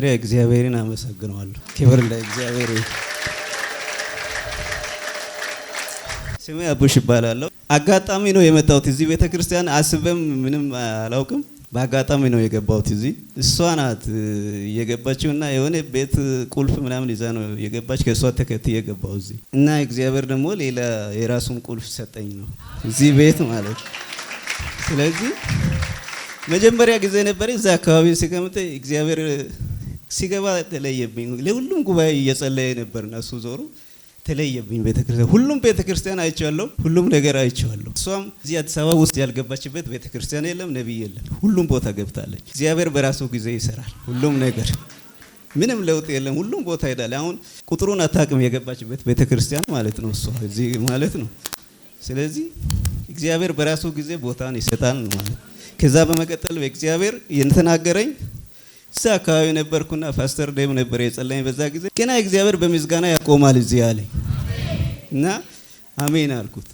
መጀመሪያ እግዚአብሔርን አመሰግነዋለሁ። ክብር ለእግዚአብሔር። ስሜ አቡሽ ይባላለሁ። አጋጣሚ ነው የመጣሁት እዚህ ቤተ ክርስቲያን። አስበም ምንም አላውቅም። በአጋጣሚ ነው የገባሁት እዚህ። እሷ ናት እየገባችው እና የሆነ ቤት ቁልፍ ምናምን ይዛ ነው የገባች። ከእሷ ተከትዬ የገባው እዚህ እና እግዚአብሔር ደግሞ ሌላ የራሱን ቁልፍ ሰጠኝ ነው እዚህ ቤት ማለት። ስለዚህ መጀመሪያ ጊዜ ነበር እዚ አካባቢ ሲቀምጥ እግዚአብሔር ሲገባ ተለየብኝ። ለሁሉም ጉባኤ እየጸለየ ነበር እና እሱ ዞሩ ተለየብኝ። ቤተክርስቲያን ሁሉም ቤተክርስቲያን አይቼዋለሁ፣ ሁሉም ነገር አይቼዋለሁ። እሷም እዚህ አዲስ አበባ ውስጥ ያልገባችበት ቤተክርስቲያን የለም፣ ነቢይ የለም። ሁሉም ቦታ ገብታለች። እግዚአብሔር በራሱ ጊዜ ይሰራል ሁሉም ነገር ምንም ለውጥ የለም። ሁሉም ቦታ ሄዳል። አሁን ቁጥሩን አታውቅም የገባችበት ቤተክርስቲያን ማለት ነው እሷ እዚህ ማለት ነው። ስለዚህ እግዚአብሔር በራሱ ጊዜ ቦታን ይሰጣል ማለት ከዛ በመቀጠል በእግዚአብሔር የተናገረኝ እዛ አካባቢ ነበርኩና ፓስተር ደም ነበር የጸለኝ በዛ ጊዜ ገና እግዚአብሔር በምስጋና ያቆማል እዚህ አለኝ እና አሜን አልኩት።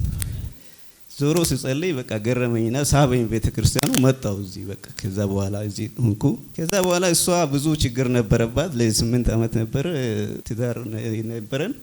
ዞሮ ስጸልይ በቃ ገረመኝና ሳበኝ ቤተ ክርስቲያኑ መጣሁ። እዚህ በቃ ከዛ በኋላ እዚህ ሆንኩ። ከዛ በኋላ እሷ ብዙ ችግር ነበረባት። ለስምንት ዓመት ነበር ትዳር ነበረን።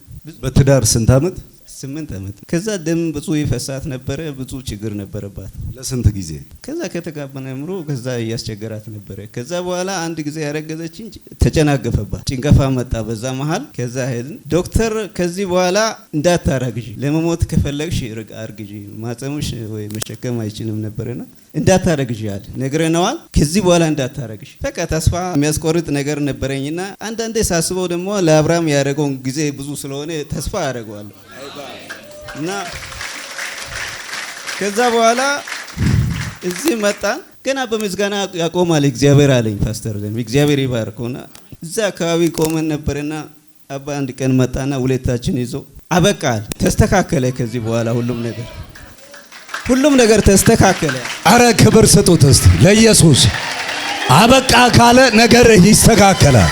በትዳር ስንት ዓመት ስምንት ዓመት ከዛ ደም ብዙ ይፈሳት ነበረ። ብዙ ችግር ነበረባት ለስንት ጊዜ። ከዛ ከተጋባን ጀምሮ ከዛ እያስቸገራት ነበረ። ከዛ በኋላ አንድ ጊዜ ያረገዘች ተጨናገፈባት፣ ጭንገፋ መጣ በዛ መሀል። ከዛ ሄድን ዶክተር፣ ከዚህ በኋላ እንዳታረግዥ ለመሞት ከፈለግሽ ርቅ አርግዥ፣ ማጸሙሽ ወይ መሸከም አይችልም ነበርና እንዳታረግዥ አለ ነግረነዋል። ከዚህ በኋላ እንዳታረግሽ በቃ ተስፋ የሚያስቆርጥ ነገር ነበረኝና አንዳንዴ ሳስበው ደግሞ ለአብርሃም ያደረገውን ጊዜ ብዙ ስለሆነ ተስፋ ያደረገዋለሁ እና ከዛ በኋላ እዚህ መጣን። ገና በምስጋና ያቆማል እግዚአብሔር አለኝ ፓስተር ለም እግዚአብሔር ይባርከውና እዛ አካባቢ ቆመን ነበርና አባ አንድ ቀን መጣና ሁለታችን ይዞ አበቃል። ተስተካከለ። ከዚህ በኋላ ሁሉም ነገር ሁሉም ነገር ተስተካከለ። አረ ክብር ስጡት እስቲ ለኢየሱስ። አበቃ ካለ ነገር ይስተካከላል።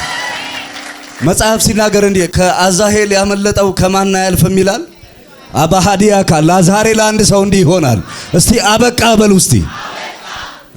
መጽሐፍ ሲናገር እንዲህ ከአዛሄል ያመለጠው ከማን አያልፍም ይላል። አባሃዲያ ካል ዛሬ ለአንድ ሰው እንዲህ ይሆናል። እስቲ አበቃ በል ውስጥ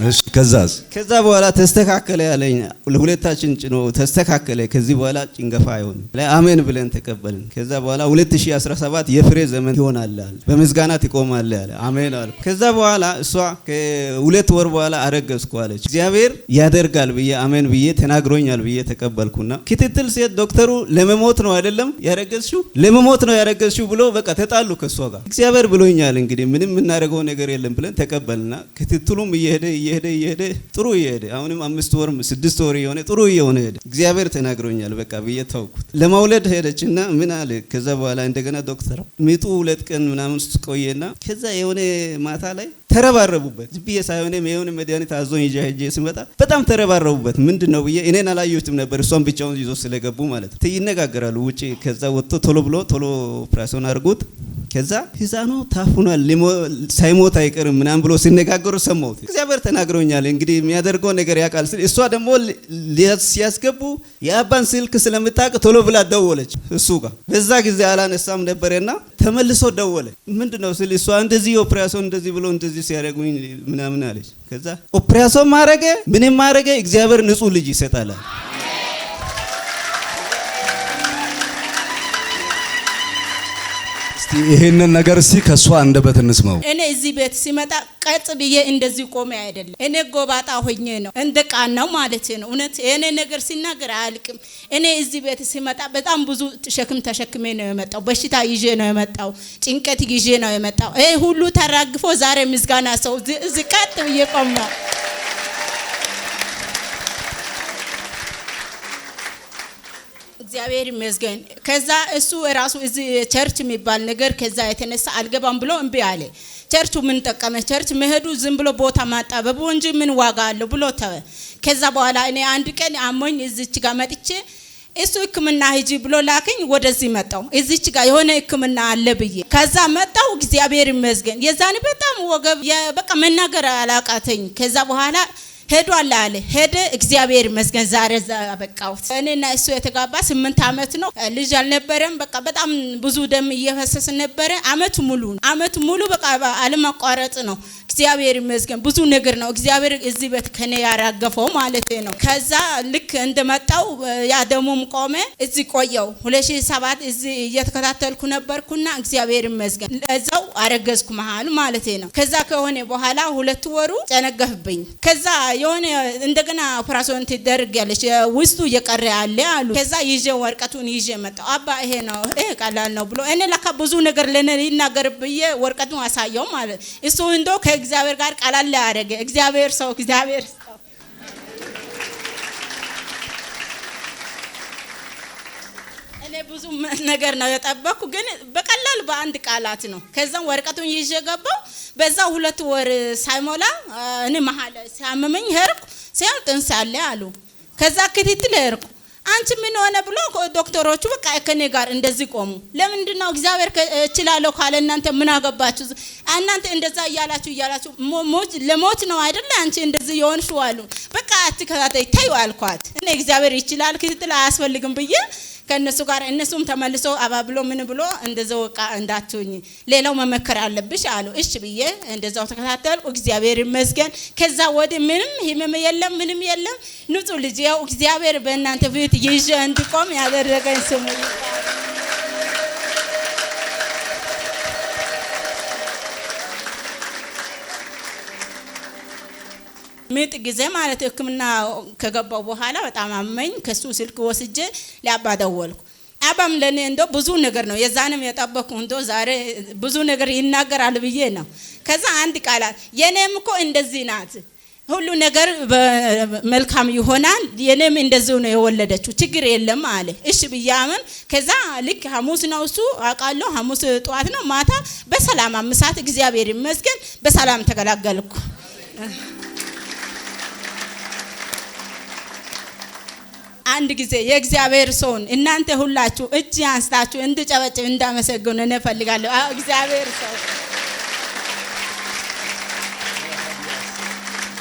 እሺ ከዛስ? ከዛ በኋላ ተስተካከለ ያለኝ ለሁለታችን ጭኖ ተስተካከለ። ከዚህ በኋላ ጭንገፋ አይሆን ላይ አሜን ብለን ተቀበልን። ከዛ በኋላ 2017 የፍሬ ዘመን ይሆናል አለ። በምስጋና ትቆማለህ አለ። አሜን አልኩ። ከዛ በኋላ እሷ ከሁለት ወር በኋላ አረገዝኩ አለች። እግዚአብሔር ያደርጋል ብዬ አሜን ብዬ ተናግሮኛል ብዬ ተቀበልኩና ክትትል ሴት ዶክተሩ ለመሞት ነው አይደለም ያረገዝሽው፣ ለመሞት ነው ያረገዝሽው ብሎ በቃ ተጣሉ ከሷ ጋር። እግዚአብሔር ብሎኛል እንግዲህ ምንም የምናደርገው ነገር የለም ብለን ተቀበልና ክትትሉም እየሄደ እየሄደ እየሄደ ጥሩ እየሄደ አሁንም አምስት ወርም ስድስት ወር እየሆነ ጥሩ እየሆነ ሄደ። እግዚአብሔር ተናግሮኛል በቃ ብዬ ታውኩት። ሄደች ሄደችና ምን አለ ከዛ በኋላ እንደገና ዶክተር ምጡ ሁለት ቀን ምናምን ውስጥ ቆየና ከዛ የሆነ ማታ ላይ ተረባረቡበት ብዬ ሳይሆን የሆነ መድኃኒት አዞኝ ይዤ ሄጄ ስመጣ በጣም ተረባረቡበት። ምንድን ነው ብዬ እኔን አላየሁትም ነበር እሷን ብቻውን ይዞ ስለገቡ ማለት ነው ይነጋገራሉ። ውጭ ከዛ ወጥቶ ቶሎ ብሎ ቶሎ ኦፕራሲዮን አድርጉት ከዛ ህፃኑ ታፍኗል ሳይሞት አይቀርም ምናምን ብሎ ሲነጋገሩ ሰማሁት። እግዚአብሔር ተናግሮኛል እንግዲህ የሚያደርገው ነገር ያውቃል። እሷ ደግሞ ሲያስገቡ የአባን ስልክ ስለምታውቅ ቶሎ ብላ ደወለች እሱ ጋር። በዛ ጊዜ አላነሳም ነበረና ተመልሶ ደወለ። ምንድ ነው ስል እሷ እንደዚህ ኦፕሬሽን እንደዚህ ብሎ እንደዚህ ሲያደርጉኝ ምናምን አለች። ከዛ ኦፕሬሽን ማድረገ ምንም ማድረገ እግዚአብሔር ንጹህ ልጅ ይሰጣላል። እስቲ ይሄንን ነገር እስቲ ከሷ አንደበት እንስማው። እኔ እዚህ ቤት ሲመጣ ቀጥ ብዬ እንደዚህ ቆሜ አይደለም፣ እኔ ጎባጣ ሆኜ ነው እንደ ቃናው ማለት ነው። እውነት እኔ ነገር ሲናገር አያልቅም። እኔ እዚህ ቤት ሲመጣ በጣም ብዙ ሸክም ተሸክሜ ነው የመጣው። በሽታ ይዤ ነው የመጣው። ጭንቀት ይዤ ነው የመጣው። ይሄ ሁሉ ተራግፎ ዛሬ ምስጋና ሰው እዚህ ቀጥ ብዬ ቆም ነው እግዚአብሔር ይመስገን። ከዛ እሱ ራሱ እዚህ ቸርች የሚባል ነገር ከዛ የተነሳ አልገባም ብሎ እምቢ አለ። ቸርቹ ምን ጠቀመ? ቸርች መሄዱ ዝም ብሎ ቦታ ማጣበቡ እንጂ ምን ዋጋ አለው ብሎ ተወ። ከዛ በኋላ እኔ አንድ ቀን አሞኝ እዚች ጋር መጥቼ እሱ ሕክምና ሂጂ ብሎ ላከኝ። ወደዚህ መጣው እዚች ጋር የሆነ ሕክምና አለ ብዬ ከዛ መጣው። እግዚአብሔር ይመስገን። የዛኔ በጣም ወገብ በቃ መናገር አላቃተኝ። ከዛ በኋላ ሄዷል አለ ሄደ። እግዚአብሔር ይመስገን ዛሬ እዛ በቃሁት። እኔና እሱ የተጋባ ስምንት አመት ነው። ልጅ አልነበረም። በቃ በጣም ብዙ ደም እየፈሰስ ነበረ። አመት ሙሉ አመት ሙሉ በቃ አለማቋረጥ ነው። እግዚአብሔር ይመስገን ብዙ ነገር ነው እግዚአብሔር እዚህ ቤት ከኔ ያራገፈው ማለት ነው። ከዛ ልክ እንደመጣው ያ ደሙም ቆመ። እዚህ ቆየው 2007 እዚህ እየተከታተልኩ ነበርኩና እግዚአብሔር ይመስገን እዛው አረገዝኩ መሀል ማለት ነው። ከዛ ከሆነ በኋላ ሁለት ወሩ ጨነገፍብኝ ከዛ የሆነ እንደገና ኦፕራሲዮን ያለች ውስጡ እየቀረ ያለ አሉ። ከዛ ይዤ ወርቀቱን ይዤ መጣሁ። አባ ይሄ ነው ይሄ ቀላል ነው ብሎ እኔ ለካ ብዙ ነገር ለእኔ ይናገር ብዬ ወርቀቱን አሳየው ማለት እሱ እንዶ ከእግዚአብሔር ጋር ቀላል ያደረገ እግዚአብሔር ሰው እግዚአብሔር ብዙ ነገር ነው የጠበኩ፣ ግን በቀላል በአንድ ቃላት ነው። ከዛም ወረቀቱን ይዤ ገባው። በዛ ሁለት ወር ሳይሞላ እኔ መሀል ሲያመመኝ ሄርኩ። ሲያም ጥንስ አለ አሉ። ከዛ ክትትል ሄርኩ። አንቺ ምን ሆነ ብሎ ዶክተሮቹ በቃ ከኔ ጋር እንደዚህ ቆሙ። ለምንድን ነው እግዚአብሔር እችላለሁ ካለ እናንተ ምን አገባችሁ? እናንተ እንደዛ እያላችሁ እያላችሁ ለሞት ነው አይደለ? አንቺ እንደዚህ የሆንሽው አሉ። በቃ አትከታተይ ተይው አልኳት። እኔ እግዚአብሔር ይችላል ክትትል አያስፈልግም ብዬ ከእነሱ ጋር እነሱም ተመልሶ አባብሎ ምን ብሎ እንደዛው ቃ እንዳትሆኝ ሌላው መመከር አለብሽ አሉ። እሽ ብዬ እንደዛው ተከታተልኩ። እግዚአብሔር ይመስገን። ከዛ ወዲህ ምንም ህመም የለም፣ ምንም የለም። ንጹህ ልጅ ያው እግዚአብሔር በእናንተ ፊት ይዤ እንድቆም ያደረገኝ ስሙ ምጥ ጊዜ ማለት ህክምና ከገባው በኋላ በጣም አመኝ። ከሱ ስልክ ወስጄ ለአባ ደወልኩ። አባም ለእኔ እንደ ብዙ ነገር ነው የዛንም የጠበቅኩ እንደ ዛሬ ብዙ ነገር ይናገራል ብዬ ነው። ከዛ አንድ ቃላት የእኔም እኮ እንደዚህ ናት ሁሉ ነገር መልካም ይሆናል። የኔም እንደዚሁ ነው የወለደችው፣ ችግር የለም አለ። እሺ ብያምን ከዛ ልክ ሐሙስ ነው እሱ አውቃለሁ፣ ሐሙስ ጠዋት ነው ማታ በሰላም አምሳት እግዚአብሔር ይመስገን በሰላም ተገላገልኩ። አንድ ጊዜ የእግዚአብሔር ሰውን እናንተ ሁላችሁ እጅ አንስታችሁ እንድጨበጭብ እንዳመሰግኑ እንፈልጋለሁ። እግዚአብሔር ሰው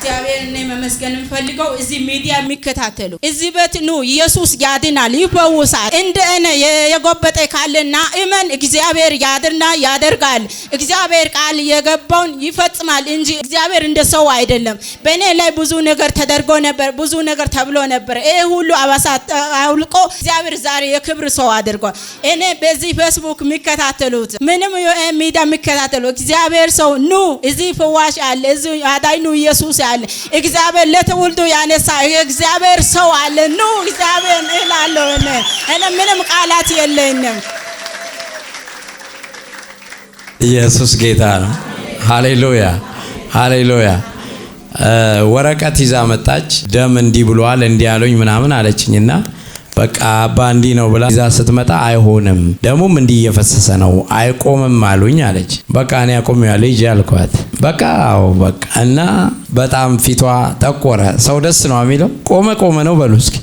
እግዚአብሔር እኔ መመስገን የምፈልገው እዚህ ሚዲያ የሚከታተሉ እዚህ ቤት ኑ፣ ኢየሱስ ያድናል፣ ይፈውሳል። እንደ እኔ የጎበጠ ካለና እመን፣ እግዚአብሔር ያድርና ያደርጋል። እግዚአብሔር ቃል የገባውን ይፈጽማል እንጂ እግዚአብሔር እንደ ሰው አይደለም። በእኔ ላይ ብዙ ነገር ተደርጎ ነበር፣ ብዙ ነገር ተብሎ ነበር። ይሄ ሁሉ አባሳ አውልቆ እግዚአብሔር ዛሬ የክብር ሰው አድርጓል። እኔ በዚህ ፌስቡክ የሚከታተሉት ምንም ሚዲያ የሚከታተሉ እግዚአብሔር ሰው ኑ፣ እዚህ ፍዋሽ አለ፣ እዚህ አዳኝ ኑ ኢየሱስ አለ። እግዚአብሔር ለትውልዱ ያነሳ እግዚአብሔር ሰው አለ። ኑ እግዚአብሔር እላለሁ እኔ ምንም ቃላት የለኝም። ኢየሱስ ጌታ ነው። ሃሌሉያ ሃሌሉያ። ወረቀት ይዛ መጣች። ደም እንዲህ ብሏል እንዲህ አሉኝ ምናምን አለችኝና በቃ አባ እንዲህ ነው ብላ ይዛ ስትመጣ አይሆንም፣ ደሙም እንዲህ እየፈሰሰ ነው አይቆምም አሉኝ አለች። በቃ እኔ አቆም ያለ ይዤ አልኳት። በቃ በቃ እና በጣም ፊቷ ጠቆረ። ሰው ደስ ነው የሚለው ቆመ ቆመ ነው በሉ እስኪ።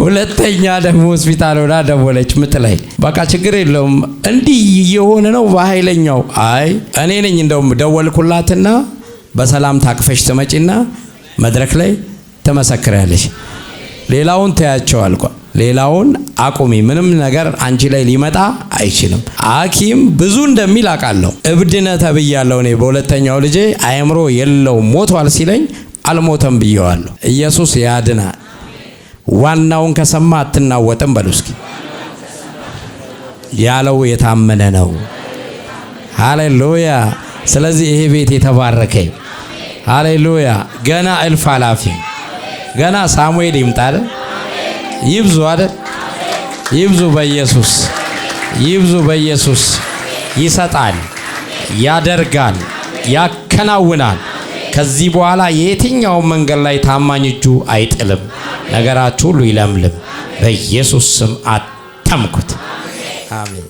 ሁለተኛ ደግሞ ሆስፒታል ሆና ደወለች። ምጥ ላይ በቃ ችግር የለውም እንዲህ የሆነ ነው በኃይለኛው። አይ እኔ ነኝ እንደውም ደወልኩላትና በሰላም ታቅፈሽ ትመጪና መድረክ ላይ ትመሰክሪያለሽ፣ ሌላውን ተያቸው አልኳ። ሌላውን አቁሚ። ምንም ነገር አንቺ ላይ ሊመጣ አይችልም። ሐኪም ብዙ እንደሚል አውቃለሁ። እብድነ ተብያለሁ። እኔ በሁለተኛው ልጄ አእምሮ የለው ሞቷል ሲለኝ አልሞተም ብየዋለሁ። ኢየሱስ ያድናል። ዋናውን ከሰማ አትናወጥም። በሉ እስኪ ያለው የታመነ ነው። ሃሌሉያ። ስለዚህ ይሄ ቤት የተባረከ ሃሌሉያ። ገና እልፍ አላፊ ገና ሳሙኤል ይምጣል። ይብዙ አይደል? ይብዙ በኢየሱስ ይብዙ በኢየሱስ ይሰጣል፣ ያደርጋል፣ ያከናውናል። ከዚህ በኋላ የትኛውን መንገድ ላይ ታማኝ እጁ አይጥልም። ነገራችሁ ሁሉ ይለምልም። በኢየሱስ ስም አጠምኩት። አሜን።